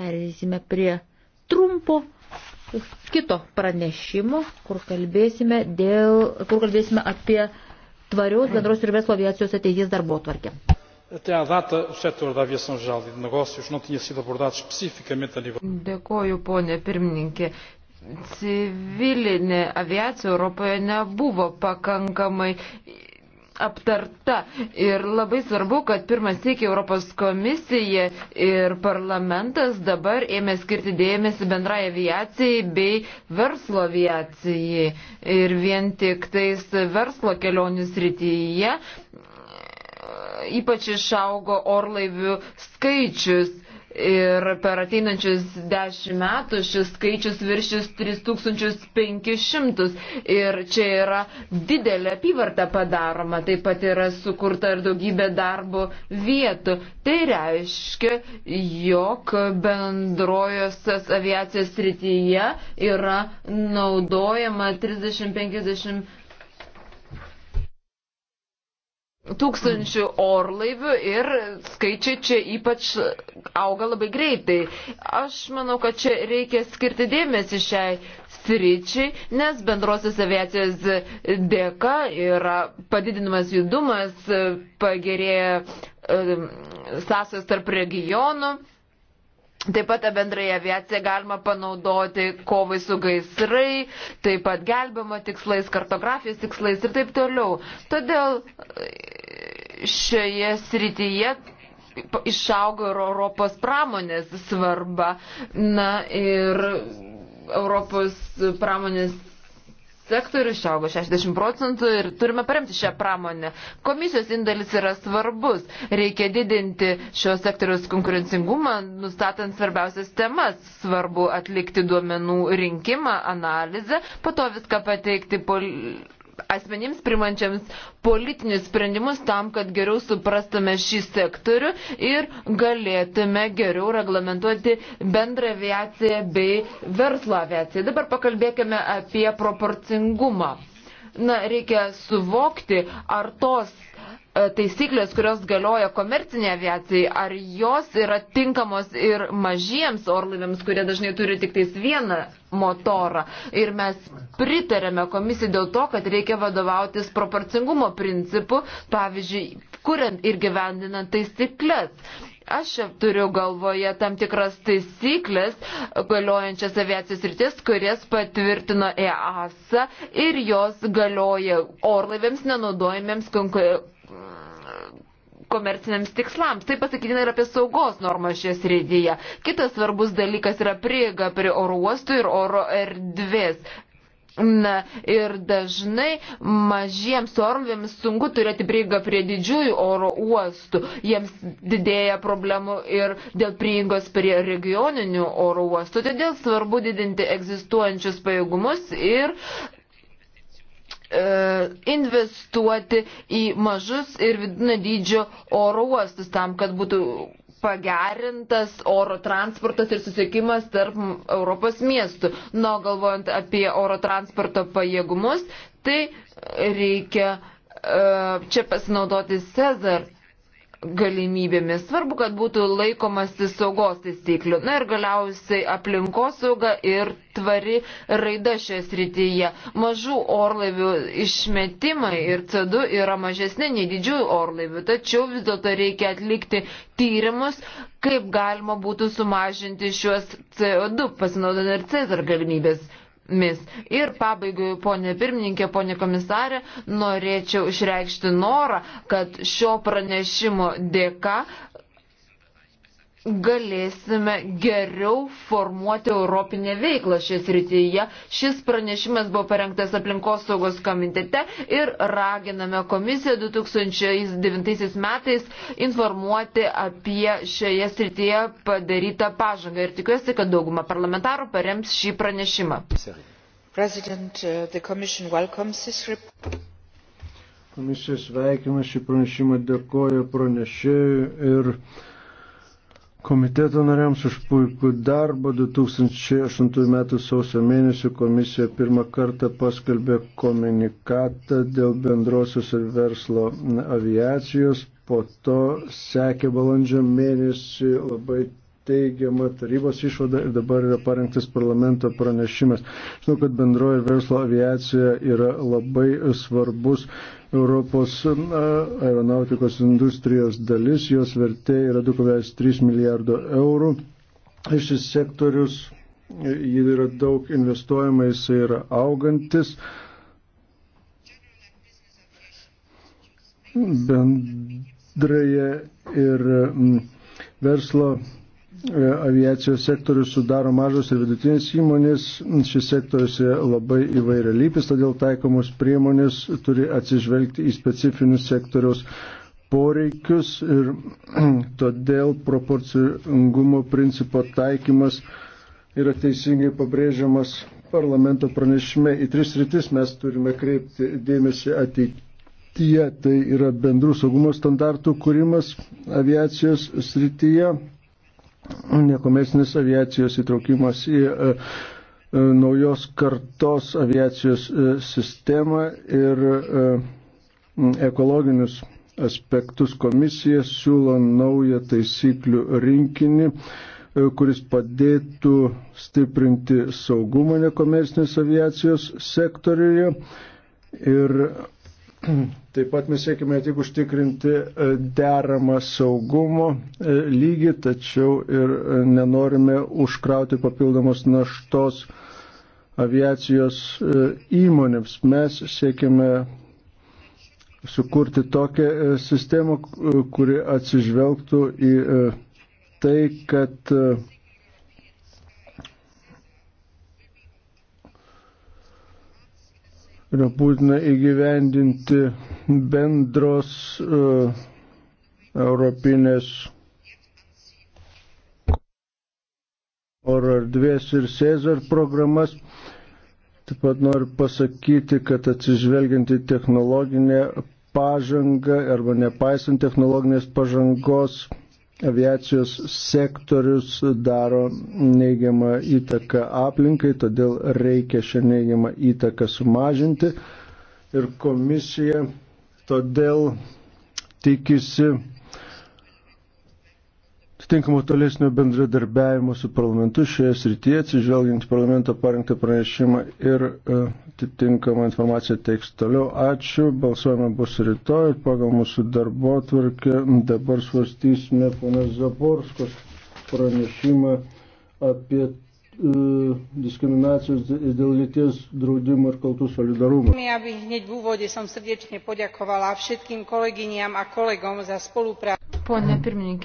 Perėsime prie trumpo kito pranešimo, kur kalbėsime, dėl, kur kalbėsime apie tvarios bendros ir verslo aviacijos ateities darbo tvarkę. Até à data, o setor da aviação geral e de negócios não tinha sido abordado especificamente a nível. Dėkoju, ponė pirmininkė. Civilinė aviacija Europoje nebuvo pakankamai aptarta. Ir labai svarbu, kad pirmas iki Europos komisija ir parlamentas dabar ėmė skirti dėmesį bendrai aviacijai bei verslo aviacijai. Ir vien tik tais verslo kelionių srityje e, ypač išaugo orlaivių skaičius. Ir per ateinančius 10 metų šis skaičius viršis 3500. Ir čia yra didelė apyvarta padaroma. Taip pat yra sukurta ir daugybė darbo vietų. Tai reiškia, jog bendrojosios aviacijos srityje yra naudojama 30-50 tūkstančių orlaivių ir skaičiai čia ypač auga labai greitai. Aš manau, kad čia reikia skirti dėmesį šiai sričiai, nes bendrosios aviacijos dėka yra padidinamas judumas, pagerėja sąsas tarp regionų. Taip pat tą bendrąją aviaciją galima panaudoti kovai su gaisrai, taip pat gelbimo tikslais, kartografijos tikslais ir taip toliau. Todėl e, šioje srityje išaugo ir Europos pramonės svarba. Na ir Europos pramonės sektorius čia augo 60 procentų ir turime paremti šią pramonę. Komisijos indėlis yra svarbus. Reikia didinti šios sektorius konkurencingumą, nustatant svarbiausias temas. Svarbu atlikti duomenų rinkimą, analizę, po to viską pateikti pol asmenims primančiams politinius sprendimus tam, kad geriau suprastume šį sektorių ir galėtume geriau reglamentuoti bendrą aviaciją bei verslo aviaciją. Dabar pakalbėkime apie proporcingumą. Na, reikia suvokti, ar tos E, taisyklės, kurios galioja komercinė aviacijai, ar jos yra tinkamos ir mažiems orlaiviams, kurie dažnai turi tik tais vieną motorą. Ir mes pritarėme komisijai dėl to, kad reikia vadovautis proporcingumo principu, pavyzdžiui, kuriant ir gyvendinant taisyklės. Aš turiu galvoje tam tikras taisyklės galiojančias aviacijos rytis, kurias patvirtino EASA ir jos galioja orlaiviams nenaudojamiems konkurencijos komerciniams tikslams. Taip pasakytina ir apie saugos normas šią srityje. Kitas svarbus dalykas yra prieiga prie oro uostų ir oro erdvės. Na ir dažnai mažiems orlaiviams sunku turėti prieigą prie didžiųjų oro uostų. Jiems didėja problemų ir dėl prieigos prie regioninių oro uostų. Todėl svarbu didinti egzistuojančius pajėgumus ir E, investuoti į mažus ir vidinio dydžio oro uostus tam, kad būtų pagerintas oro transportas ir susiekimas tarp Europos miestų. Nuo galvojant apie oro transporto pajėgumus, tai reikia e, čia pasinaudoti Cezar galimybėmis. Svarbu, kad būtų laikomasi saugos taisyklių. Na ir galiausiai aplinkosauga ir tvari raida šioje srityje. Mažų orlaivių išmetimai ir CO2 yra mažesni nei didžiųjų orlaivių, tačiau vis dėlto reikia atlikti tyrimus, kaip galima būtų sumažinti šiuos CO2, pasinaudodami ir Cezar galimybės mis. Ir pabaigai, ponė pirmininkė, ponė komisarė, norėčiau išreikšti norą, kad šio pranešimo dėka galėsime geriau formuoti europinę veiklą šioje srityje. Šis pranešimas buvo parengtas aplinkosaugos komitete ir raginame komisiją 2009 metais informuoti apie šioje srityje padarytą pažangą ir tikiuosi, kad dauguma parlamentarų parems šį pranešimą. Uh, Komisija sveikina šį pranešimą, dėkoja pranešėjui ir komiteto nariams už puikų darbą. 2008 m. sausio mėnesį komisija pirmą kartą paskelbė komunikatą dėl bendrosios ir verslo aviacijos. Po to sekė balandžio mėnesį labai teigiama tarybos išvada ir dabar yra parengtas parlamento pranešimas. Žinau, kad bendroji verslo aviacija yra labai svarbus Europos aeronautikos industrijos dalis, jos vertė yra 2,3 milijardo eurų. Iš šis sektorius jį yra daug investuojama, jis yra augantis. Bendraje ir verslo E, aviacijos sektorius sudaro mažos ir vidutinės įmonės. Šis sektorius labai įvairialypis, todėl taikomos priemonės turi atsižvelgti į specifinius sektoriaus poreikius ir todėl proporcingumo principo taikymas yra teisingai pabrėžiamas parlamento pranešime. Į tris rytis mes turime kreipti dėmesį ateityje. Tai yra bendrų saugumo standartų kūrimas aviacijos srityje nekomercinės aviacijos įtraukimas į e, e, naujos kartos aviacijos e, sistemą ir ekologinius aspektus komisija siūlo naują taisyklių rinkinį, kuris padėtų stiprinti saugumą nekomercinės aviacijos sektoriuje ir Taip pat mes siekime ne tik užtikrinti e, deramą saugumo e, lygį, tačiau ir e, nenorime užkrauti papildomos naštos aviacijos įmonėms. Mes siekime sukurti tokią sistemą, kuri atsižvelgtų į tai, kad yra būtina įgyvendinti bendros uh, europinės oro erdvės ir Cezar programas. Taip pat noriu pasakyti, kad atsižvelgiant į technologinę pažangą arba nepaisant technologinės pažangos, aviacijos sektorius daro neigiamą įtaką aplinkai, todėl reikia šią neigiamą įtaką sumažinti ir komisija todėl tikisi atitinkamo tolesnio bendradarbiavimo su parlamentu šioje srityje, atsižvelgiant parlamento parengtą pranešimą ir e, atitinkamą informaciją teiks toliau. Ačiū, balsuojame bus rytoj ir pagal mūsų darbo tvarkę dabar svarstysime ponas Zaborskos pranešimą apie e, diskriminacijos dėl lyties draudimo ir kaltų solidarumą. Ja bych hneď v úvode som srdečne poďakovala všetkým kolegyniam a kolegom za spoluprácu. Pone pirmininkė.